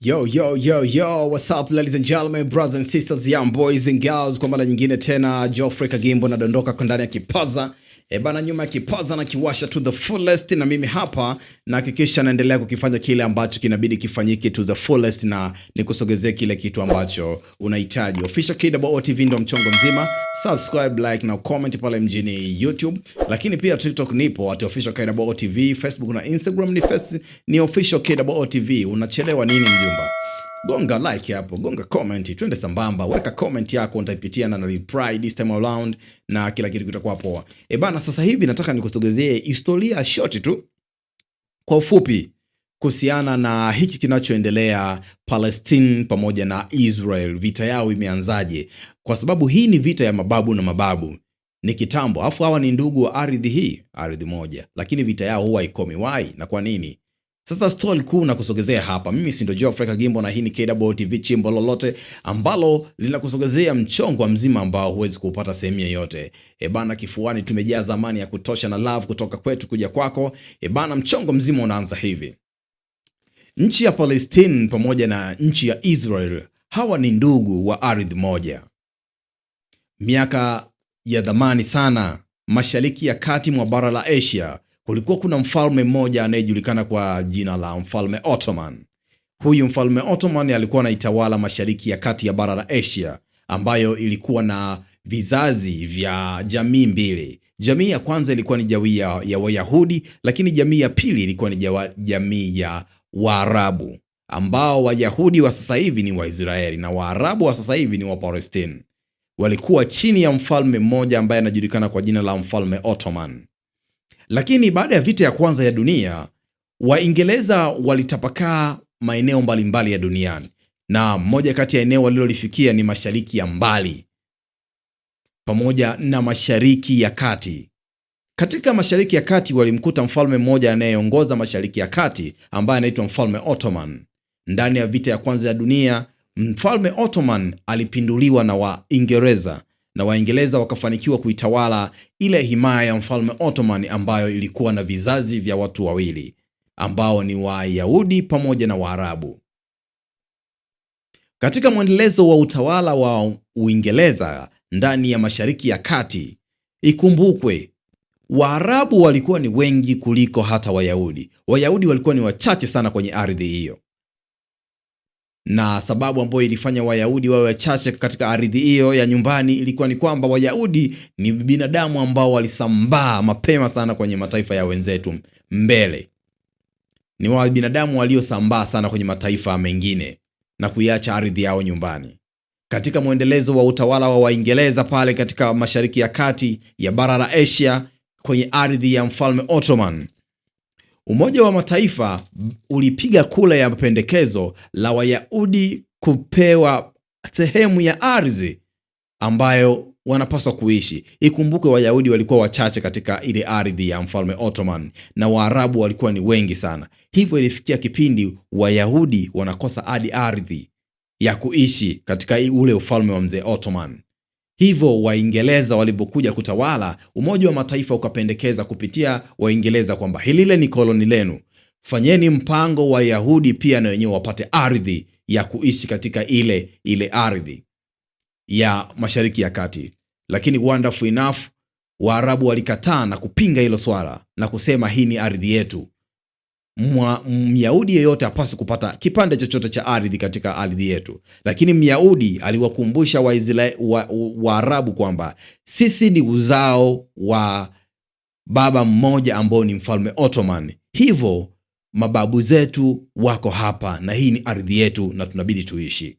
Yo, yo, yo, yo, what's up ladies and gentlemen, brothers and sisters, young boys and girls, kwa mara nyingine tena Geoffrey Kagimbo nadondoka ndani ya kipaza E bana, nyuma ya kipaza na kiwasha to the fullest, na mimi hapa nahakikisha naendelea kukifanya kile ambacho kinabidi kifanyike to the fullest, na nikusogezee kile kitu ambacho unahitaji. Official KOO TV ndo mchongo mzima, subscribe, like na comment pale mjini YouTube, lakini pia TikTok nipo at official KOO TV, Facebook na Instagram ni, ni official KOO TV. Unachelewa nini mjumba? gonga like hapo, gonga comment, twende sambamba. Weka comment yako, nitaipitia na reply this time around, na kila kitu kitakuwa poa. E bana, sasa hivi nataka nikusogezee historia short tu kwa ufupi kuhusiana na hiki kinachoendelea Palestine pamoja na Israel, vita yao imeanzaje? Kwa sababu hii ni vita ya mababu na mababu, ni kitambo, afu hawa ni ndugu wa ardhi hii, ardhi moja, lakini vita yao huwa ikomi wai na kwa nini? Sasa story kuu na kusogezea hapa. Mimi si ndio Africa Gimbo na hii ni KWTV, chimbo lolote ambalo linakusogezea mchongo mzima ambao huwezi kuupata sehemu yoyote. E bana, kifuani tumejaa zamani ya kutosha na love kutoka kwetu kuja kwako. E bana, mchongo mzima unaanza hivi. Nchi ya Palestine pamoja na nchi ya Israel hawa ni ndugu wa ardhi moja. Miaka ya zamani sana, mashariki ya kati mwa bara la Asia kulikuwa kuna mfalme mmoja anayejulikana kwa jina la mfalme Ottoman. Huyu mfalme Ottoman alikuwa anaitawala mashariki ya kati ya bara la Asia ambayo ilikuwa na vizazi vya jamii mbili. Jamii ya kwanza ilikuwa ni jamii ya, ya Wayahudi, lakini jamii ya pili ilikuwa ni jamii ya Waarabu ambao Wayahudi wa sasa hivi ni Waisraeli na Waarabu wa sasa hivi ni Wapalestina. Walikuwa chini ya mfalme mmoja ambaye anajulikana kwa jina la mfalme Ottoman. Lakini baada ya vita ya kwanza ya dunia, Waingereza walitapakaa maeneo mbalimbali ya duniani, na moja kati ya eneo walilolifikia ni Mashariki ya Mbali pamoja na Mashariki ya Kati. Katika Mashariki ya Kati walimkuta mfalme mmoja anayeongoza Mashariki ya Kati ambaye anaitwa Mfalme Ottoman. Ndani ya vita ya kwanza ya dunia, Mfalme Ottoman alipinduliwa na Waingereza na Waingereza wakafanikiwa kuitawala ile himaya ya mfalme Ottoman ambayo ilikuwa na vizazi vya watu wawili ambao ni Wayahudi pamoja na Waarabu. Katika mwendelezo wa utawala wa Uingereza ndani ya Mashariki ya Kati, ikumbukwe Waarabu walikuwa ni wengi kuliko hata Wayahudi. Wayahudi walikuwa ni wachache sana kwenye ardhi hiyo na sababu ambayo ilifanya Wayahudi wawe wachache katika ardhi hiyo ya nyumbani ilikuwa ni kwamba Wayahudi ni binadamu ambao walisambaa mapema sana kwenye mataifa ya wenzetu mbele. Ni wa binadamu waliosambaa sana kwenye mataifa mengine na kuiacha ardhi yao nyumbani. Katika mwendelezo wa utawala wa Waingereza pale katika Mashariki ya Kati ya bara la Asia kwenye ardhi ya mfalme Ottoman Umoja wa Mataifa ulipiga kura ya pendekezo la Wayahudi kupewa sehemu ya ardhi ambayo wanapaswa kuishi. Ikumbukwe Wayahudi walikuwa wachache katika ile ardhi ya mfalme Ottoman na Waarabu walikuwa ni wengi sana, hivyo ilifikia kipindi Wayahudi wanakosa hadi ardhi ya kuishi katika ule ufalme wa mzee Ottoman. Hivyo Waingereza walipokuja kutawala, Umoja wa Mataifa ukapendekeza kupitia Waingereza kwamba hili ni koloni lenu, fanyeni mpango Wayahudi pia na wenyewe wapate ardhi ya kuishi katika ile ile ardhi ya Mashariki ya Kati. Lakini wonderful enough Waarabu walikataa na kupinga hilo swala na kusema hii ni ardhi yetu, Myahudi yeyote hapaswi kupata kipande chochote cha ardhi katika ardhi yetu. Lakini Myahudi aliwakumbusha Waarabu wa, wa, wa kwamba sisi ni uzao wa baba mmoja ambao ni mfalme Ottoman, hivyo mababu zetu wako hapa na hii ni ardhi yetu na tunabidi tuishi.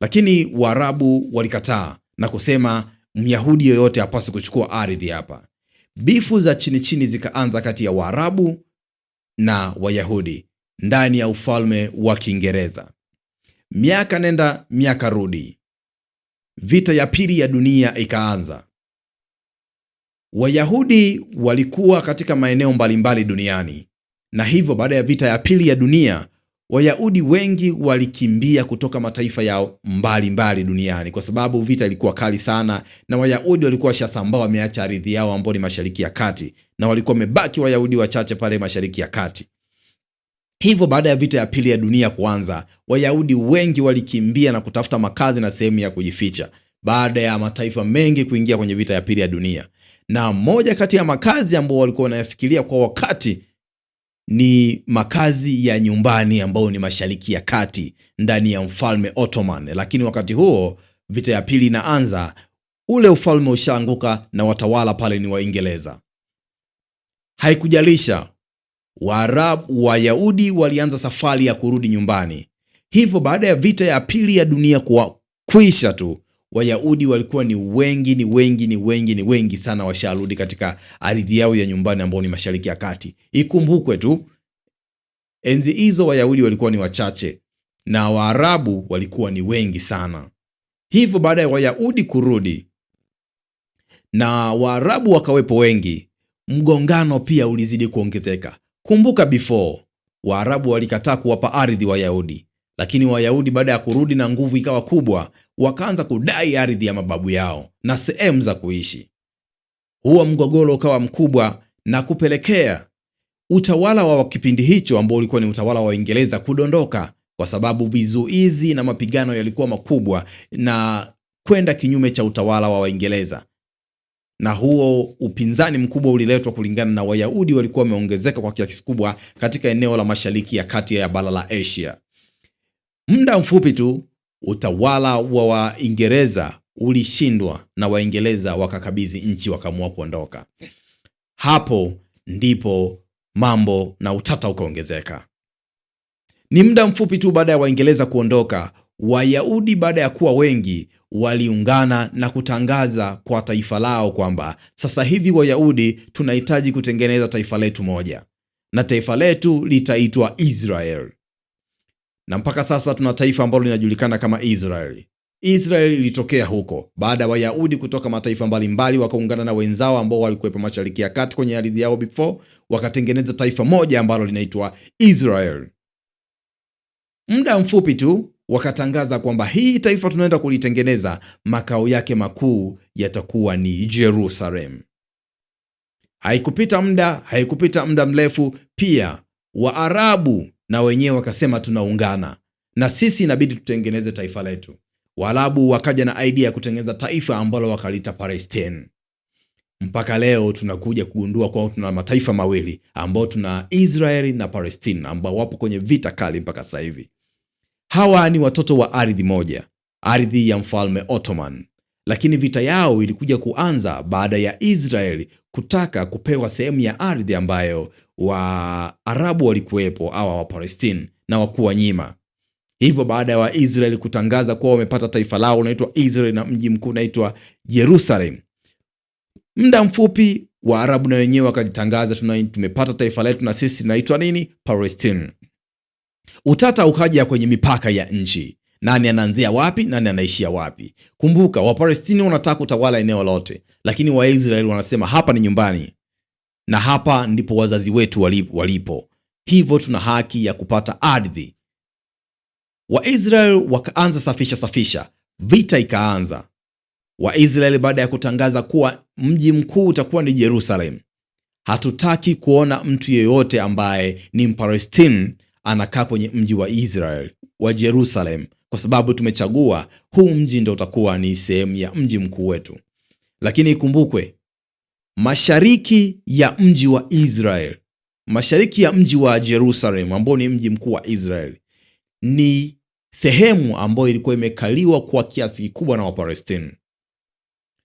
Lakini Waarabu walikataa na kusema Myahudi yoyote hapaswi kuchukua ardhi hapa. Bifu za chini chini zikaanza kati ya Waarabu na Wayahudi ndani ya ufalme wa Kiingereza. Miaka nenda miaka rudi, vita ya pili ya dunia ikaanza. Wayahudi walikuwa katika maeneo mbalimbali duniani, na hivyo baada ya vita ya pili ya dunia Wayahudi wengi walikimbia kutoka mataifa yao mbalimbali mbali duniani kwa sababu vita ilikuwa kali sana, na Wayahudi walikuwa washasambaa, wameacha ardhi yao ambao ni Mashariki ya Kati, na walikuwa wamebaki Wayahudi wachache pale Mashariki ya Kati. Hivyo baada ya vita ya pili ya dunia kuanza, Wayahudi wengi walikimbia na kutafuta makazi na sehemu ya kujificha baada ya mataifa mengi kuingia kwenye vita ya pili ya dunia, na moja kati ya makazi ambao walikuwa wanayafikiria kwa wakati ni makazi ya nyumbani ambayo ni Mashariki ya Kati ndani ya Mfalme Ottoman, lakini wakati huo vita ya pili inaanza, ule ufalme ushaanguka na watawala pale ni Waingereza. Haikujalisha, Waarabu, Wayahudi walianza safari ya kurudi nyumbani. Hivyo baada ya vita ya pili ya dunia kuwa kuisha tu Wayahudi walikuwa ni wengi ni wengi ni wengi ni wengi sana, washarudi katika ardhi yao ya nyumbani ambao ni Mashariki ya Kati. Ikumbukwe tu enzi hizo Wayahudi walikuwa ni wachache na Waarabu walikuwa ni wengi sana. Hivyo baada ya Wayahudi kurudi na Waarabu wakawepo wengi, mgongano pia ulizidi kuongezeka. Kumbuka before Waarabu walikataa kuwapa ardhi Wayahudi lakini Wayahudi baada ya kurudi na nguvu ikawa kubwa, wakaanza kudai ardhi ya mababu yao na sehemu za kuishi. Huo mgogoro ukawa mkubwa na kupelekea utawala wa kipindi hicho ambao ulikuwa ni utawala wa Uingereza kudondoka, kwa sababu vizuizi na mapigano yalikuwa makubwa na kwenda kinyume cha utawala wa Waingereza na huo upinzani mkubwa uliletwa kulingana na Wayahudi walikuwa wameongezeka kwa kiasi kikubwa katika eneo la Mashariki ya Kati ya bara la Asia. Muda mfupi tu utawala wa Waingereza ulishindwa na Waingereza wakakabidhi nchi, wakaamua kuondoka. Hapo ndipo mambo na utata ukaongezeka. Ni muda mfupi tu baada ya Waingereza kuondoka, Wayahudi baada ya kuwa wengi waliungana na kutangaza kwa taifa lao kwamba sasa hivi Wayahudi tunahitaji kutengeneza taifa letu moja, na taifa letu litaitwa Israel na mpaka sasa tuna taifa ambalo linajulikana kama israel Israeli ilitokea huko baada ya Wayahudi kutoka mataifa mbalimbali wakaungana na wenzao ambao walikuwepo Mashariki ya Kati kwenye ardhi yao before, wakatengeneza taifa moja ambalo linaitwa Israel. Muda mfupi tu wakatangaza kwamba hii taifa tunaenda kulitengeneza, makao yake makuu yatakuwa ni Jerusalem. Haikupita muda haikupita muda mrefu pia Waarabu na wenyewe wakasema tunaungana na sisi, inabidi tutengeneze taifa letu. Waarabu wakaja na idea ya kutengeneza taifa ambalo wakalita Palestine. Mpaka leo tunakuja kugundua kwa tuna mataifa mawili ambao tuna Israeli na Palestine ambao wapo kwenye vita kali mpaka sasa hivi. Hawa ni watoto wa ardhi moja, ardhi ya mfalme Ottoman. Lakini vita yao ilikuja kuanza baada ya israel kutaka kupewa sehemu ya ardhi ambayo Waarabu walikuwepo au Wapalestini na nyima Hivyo baada ya wa Waisraeli kutangaza kuwa wamepata taifa lao unaitwa Israel na mji mkuu unaitwa Jerusalem, muda mfupi Waarabu na wenyewe wakajitangaza, tumepata taifa letu na sisi naitwa nini? Palestine. Utata ukaja kwenye mipaka ya nchi nani anaanzia wapi, nani anaishia wapi. Kumbuka Wapalestini wanataka kutawala eneo lote, lakini Waisraeli wanasema hapa ni nyumbani na hapa ndipo wazazi wetu walipo, hivyo tuna haki ya kupata ardhi. Waisraeli wakaanza safisha safisha, vita ikaanza. Waisraeli baada ya kutangaza kuwa mji mkuu utakuwa ni jerusalem hatutaki kuona mtu yeyote ambaye ni Mpalestini anakaa kwenye mji wa Israel wa Jerusalem, kwa sababu tumechagua huu mji ndio utakuwa ni sehemu ya mji mkuu wetu. Lakini ikumbukwe, mashariki ya mji wa Israel, mashariki ya mji wa Jerusalem ambao ni mji mkuu wa Israel ni sehemu ambayo ilikuwa imekaliwa kwa kiasi kikubwa na Wapalestina.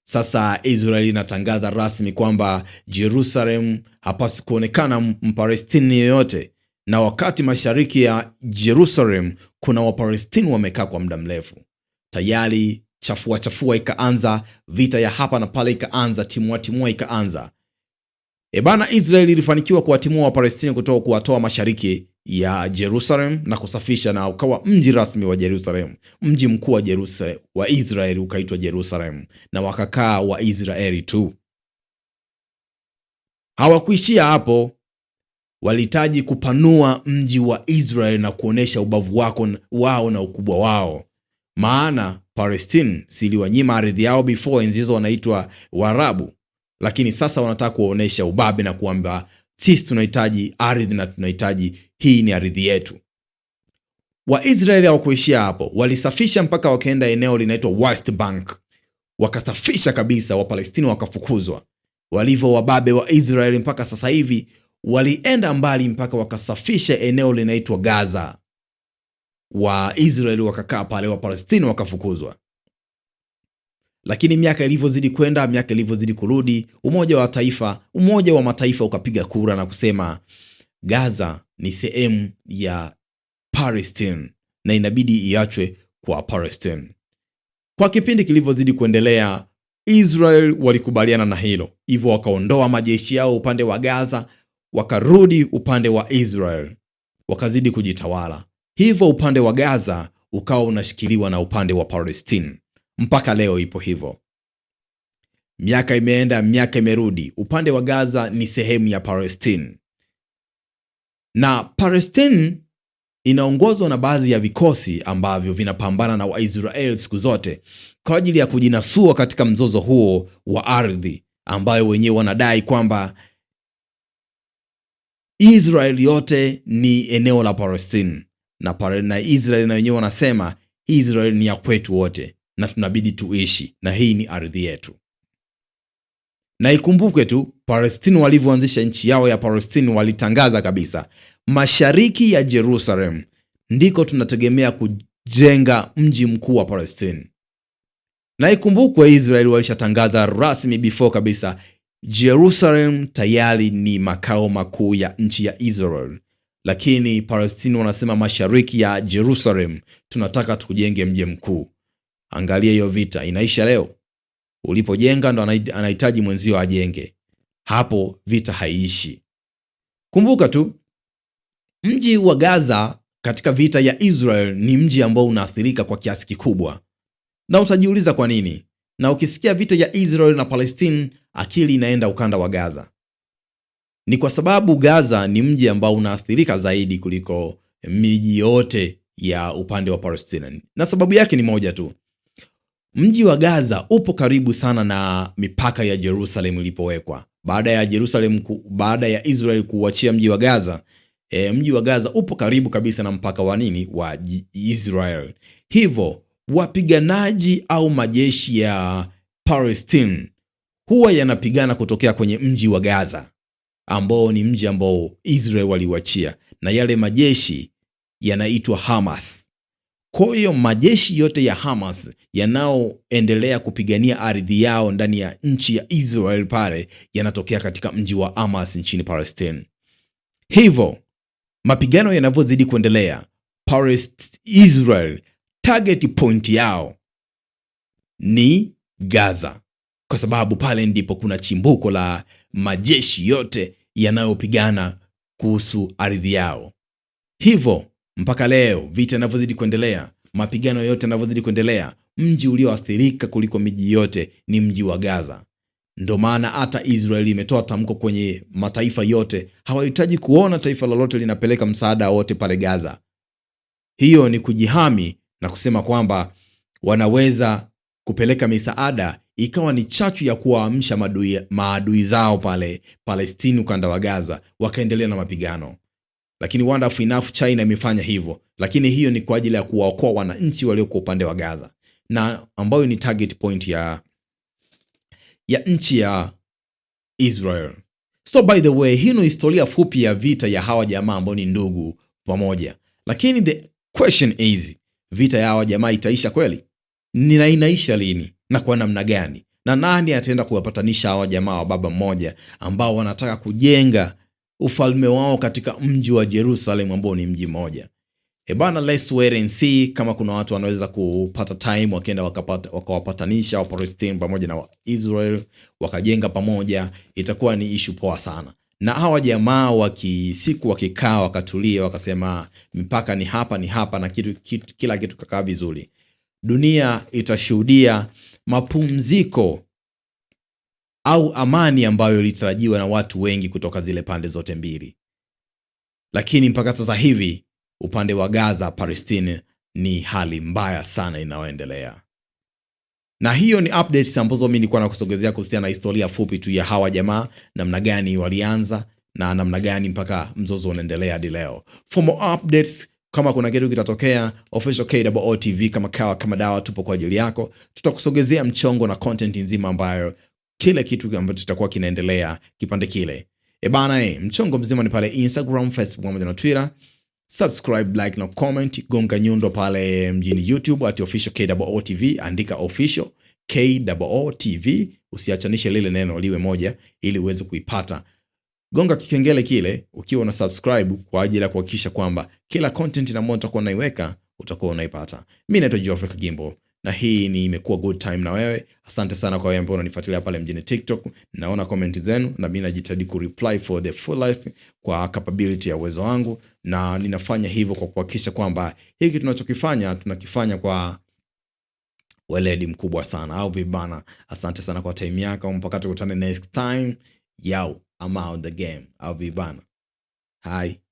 Sasa Israeli inatangaza rasmi kwamba Jerusalem hapasi kuonekana Mpalestini yoyote, na wakati mashariki ya Jerusalem kuna Wapalestina wamekaa kwa muda mrefu tayari, chafua chafua ikaanza, vita ya hapa na pale ikaanza, timua timua ikaanza. Ebana, Israeli ilifanikiwa kuwatimua Wapalestina kutoka kuwatoa mashariki ya Jerusalem na kusafisha na ukawa mji rasmi wa Jerusalem. Mji mkuu wa Jerusalem wa Israeli ukaitwa Jerusalem na wakakaa Waisraeli tu. Hawakuishia hapo, Walihitaji kupanua mji wa Israeli na kuonyesha ubavu wako, wao na ukubwa wao, maana Palestine siliwanyima ardhi yao before, enzi hizo wanaitwa Waarabu, lakini sasa wanataka kuwaonyesha ubabe na kuamba sisi tunahitaji ardhi na tunahitaji hii ni ardhi yetu. Waisraeli hawakuishia hapo, walisafisha mpaka wakaenda eneo linaitwa West Bank, wakasafisha kabisa, Wapalestina wakafukuzwa. Walivyo wababe wa Israeli mpaka sasa hivi walienda mbali mpaka wakasafisha eneo linaitwa Gaza. Waisraeli wakakaa pale, Wapalestina wakafukuzwa. Lakini miaka ilivyozidi kwenda, miaka ilivyozidi kurudi, Umoja wa Taifa, Umoja wa Mataifa ukapiga kura na kusema Gaza ni sehemu ya Palestine na inabidi iachwe kwa Palestine. Kwa kipindi kilivyozidi kuendelea, Israel walikubaliana na hilo, hivyo wakaondoa majeshi yao upande wa Gaza wakarudi upande wa Israel wakazidi kujitawala. Hivyo upande wa Gaza ukawa unashikiliwa na upande wa Palestine. Mpaka leo ipo hivyo. Miaka imeenda, miaka imerudi. Upande wa Gaza ni sehemu ya Palestine. Na Palestine inaongozwa na baadhi ya vikosi ambavyo vinapambana na Waisraeli siku zote kwa ajili ya kujinasua katika mzozo huo wa ardhi ambayo wenyewe wanadai kwamba israel yote ni eneo la Palestine na, na Israel na wenyewe wanasema israel ni ya kwetu wote na tunabidi tuishi na hii ni ardhi yetu. Na ikumbukwe tu Palestine walivyoanzisha nchi yao ya Palestine walitangaza kabisa, mashariki ya Jerusalem ndiko tunategemea kujenga mji mkuu wa Palestine. Na ikumbukwe Israeli walishatangaza rasmi before kabisa, Jerusalem tayari ni makao makuu ya nchi ya Israel, lakini Palestina wanasema mashariki ya Jerusalem tunataka tukujenge mji mkuu. Angalia hiyo vita inaisha leo. Ulipojenga ndo anahitaji mwenzio ajenge, hapo vita haiishi. Kumbuka tu mji wa Gaza katika vita ya Israel ni mji ambao unaathirika kwa kiasi kikubwa, na utajiuliza kwa nini na ukisikia vita ya Israel na Palestine akili inaenda ukanda wa Gaza. Ni kwa sababu Gaza ni mji ambao unaathirika zaidi kuliko miji yote ya upande wa Palestina, na sababu yake ni moja tu. Mji wa Gaza upo karibu sana na mipaka ya Jerusalem ilipowekwa baada ya Jerusalem ku, baada ya Israel kuuachia mji wa Gaza. E, mji wa Gaza upo karibu kabisa na mpaka wa nini wa Israel, hivyo wapiganaji au majeshi ya Palestine huwa yanapigana kutokea kwenye mji wa Gaza ambao ni mji ambao Israel waliuachia, na yale majeshi yanaitwa Hamas. Kwa hiyo majeshi yote ya Hamas yanayoendelea kupigania ardhi yao ndani ya nchi ya Israel pale yanatokea katika mji wa Hamas nchini Palestine. Hivyo mapigano yanavyozidi kuendelea, Palestine Israel target point yao ni Gaza, kwa sababu pale ndipo kuna chimbuko la majeshi yote yanayopigana kuhusu ardhi yao. Hivyo mpaka leo vita inavyozidi kuendelea, mapigano yote yanavyozidi kuendelea, mji ulioathirika kuliko miji yote ni mji wa Gaza. Ndio maana hata Israeli imetoa tamko kwenye mataifa yote, hawahitaji kuona taifa lolote linapeleka msaada wote pale Gaza. Hiyo ni kujihami na kusema kwamba wanaweza kupeleka misaada ikawa ni chachu ya kuwaamsha maadui zao pale Palestina, ukanda wa Gaza, wakaendelea na mapigano. Lakini wonderful enough, China imefanya hivyo, lakini hiyo ni kwa ajili ya kuwaokoa wananchi walioko upande wa Gaza na ambayo ni target point ya, ya nchi ya Israel. So by the way, hii ni historia fupi ya vita ya hawa jamaa ambao ni ndugu pamoja, lakini the question is vita ya hawa jamaa itaisha kweli? Nina inaisha lini na kwa namna gani? Na nani ataenda kuwapatanisha hawa jamaa wa baba mmoja ambao wanataka kujenga ufalme wao katika mji wa Jerusalem ambao ni mji mmoja? ebana bana, let's wait and see kama kuna watu wanaweza kupata time wakienda wakawapatanisha waka Wapalestina pamoja na Waisrael wakajenga pamoja, itakuwa ni ishu poa sana na hawa jamaa wakisiku wakikaa wakatulia wakasema mipaka ni hapa ni hapa na kitu, kitu, kila kitu kakaa vizuri, dunia itashuhudia mapumziko au amani ambayo ilitarajiwa na watu wengi kutoka zile pande zote mbili, lakini mpaka sasa hivi upande wa Gaza Palestine ni hali mbaya sana inayoendelea. Na hiyo ni updates ambazo mimi nilikuwa nakusogezea kuhusiana na historia fupi tu ya hawa jamaa, namna gani walianza na namna gani mpaka mzozo unaendelea hadi leo. For more updates kama kuna kitu kitatokea, official KOO TV kama kawa kama dawa, tupo kwa ajili yako. Tutakusogezea mchongo na content nzima ambayo kile kitu ambacho kitakuwa kinaendelea kipande kile. E bana, e, mchongo mzima ni pale Instagram, Facebook pamoja na Twitter subscribe, like na comment, gonga nyundo pale mjini YouTube at official KOO TV, andika official KOO TV, usiachanishe lile neno liwe moja ili uweze kuipata. Gonga kikengele kile ukiwa una subscribe kwa ajili ya kuhakikisha kwamba kila content ambayo utakuwa naiweka utakuwa unaipata. Mimi naitwa Geoffrey Kagimbo na hii ni imekuwa good time na wewe. Asante sana kwa wewe ambao unanifuatilia pale mjini TikTok, naona comment zenu na mimi najitahidi ku reply for the fullest kwa capability ya uwezo wangu, na ninafanya hivyo kwa kuhakikisha kwamba hiki tunachokifanya tunakifanya kwa weledi mkubwa sana, au vibana. Asante sana kwa time yako mpaka tukutane next time. Yao, I'm out the game, au vibana. hai.